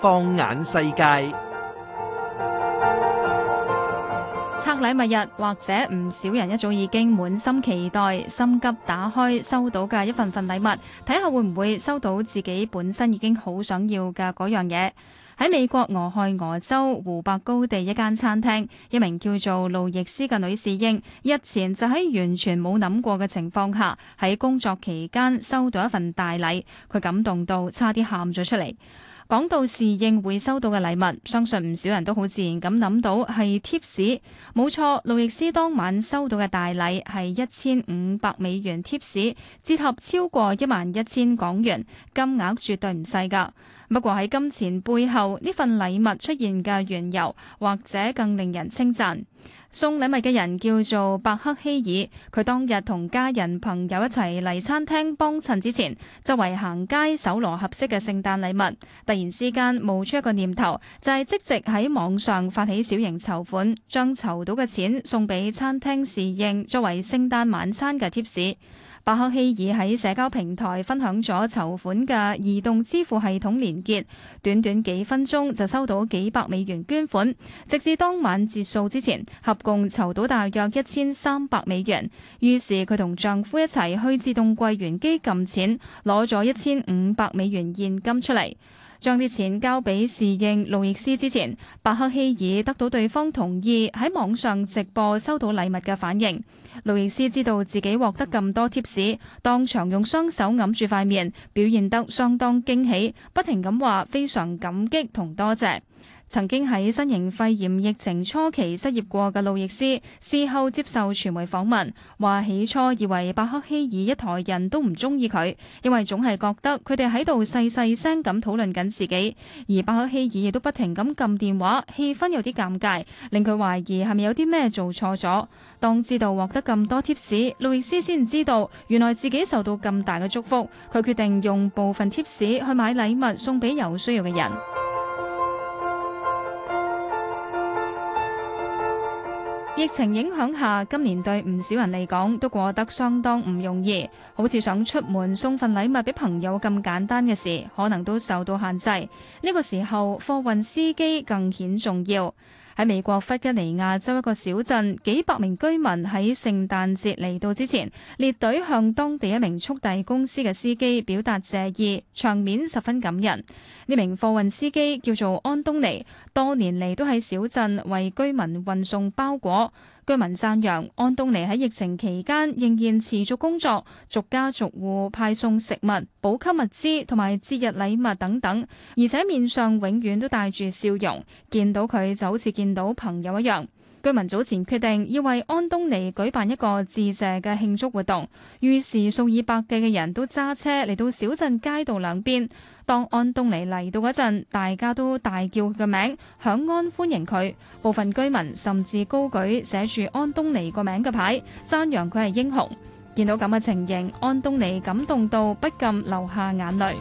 放眼世界，拆禮物日，或者唔少人一早已經滿心期待，心急打開收到嘅一份份禮物，睇下會唔會收到自己本身已經好想要嘅嗰樣嘢。喺美國俄亥俄州湖北高地一間餐廳，一名叫做路易斯嘅女侍應，日前就喺完全冇諗過嘅情況下，喺工作期間收到一份大禮，佢感動到差啲喊咗出嚟。講到侍應會收到嘅禮物，相信唔少人都好自然咁諗到係貼士。冇錯，路易斯當晚收到嘅大禮係一千五百美元貼士，折合超過一萬一千港元，金額絕對唔細㗎。不過喺金錢背後，呢份禮物出現嘅緣由，或者更令人稱讚。送禮物嘅人叫做白克希爾，佢當日同家人朋友一齊嚟餐廳幫襯之前，周圍行街搜羅合適嘅聖誕禮物，突然之間冒出一個念頭，就係、是、即席喺網上發起小型籌款，將籌到嘅錢送俾餐廳侍應，作為聖誕晚餐嘅貼士。巴克希爾喺社交平台分享咗籌款嘅移動支付系統連結，短短幾分鐘就收到幾百美元捐款，直至當晚結束之前，合共籌到大約一千三百美元。於是佢同丈夫一齊去自動櫃員機撳錢攞咗一千五百美元現金出嚟。將啲錢交俾侍應路易斯之前，白克希爾得到對方同意喺網上直播收到禮物嘅反應。路易斯知道自己獲得咁多貼士，當場用雙手揞住塊面，表現得相當驚喜，不停咁話非常感激同多謝。曾經喺新型肺炎疫情初期失業過嘅路易斯，事後接受傳媒訪問，話起初以為伯克希爾一台人都唔中意佢，因為總係覺得佢哋喺度細細聲咁討論緊自己，而伯克希爾亦都不停咁撳電話，氣氛有啲尷尬，令佢懷疑係咪有啲咩做錯咗。當知道獲得咁多貼士，路易斯先知道原來自己受到咁大嘅祝福，佢決定用部分貼士去買禮物送俾有需要嘅人。疫情影響下，今年對唔少人嚟講都過得相當唔容易。好似想出門送份禮物俾朋友咁簡單嘅事，可能都受到限制。呢個時候，貨運司機更顯重要。喺美國弗吉尼亞州一個小鎮，幾百名居民喺聖誕節嚟到之前，列隊向當地一名速遞公司嘅司機表達謝意，場面十分感人。呢名貨運司機叫做安東尼，多年嚟都喺小鎮為居民運送包裹。居民讚揚安東尼喺疫情期間仍然持續工作，逐家逐戶派送食物、補給物資同埋節日禮物等等，而且面上永遠都帶住笑容，見到佢就好似見到朋友一樣。居民早前決定要為安東尼舉辦一個致謝嘅慶祝活動，於是數以百計嘅人都揸車嚟到小鎮街道兩邊。當安東尼嚟到嗰陣，大家都大叫佢嘅名，響安歡迎佢。部分居民甚至高舉寫住安東尼個名嘅牌，讚揚佢係英雄。見到咁嘅情形，安東尼感動到不禁流下眼淚。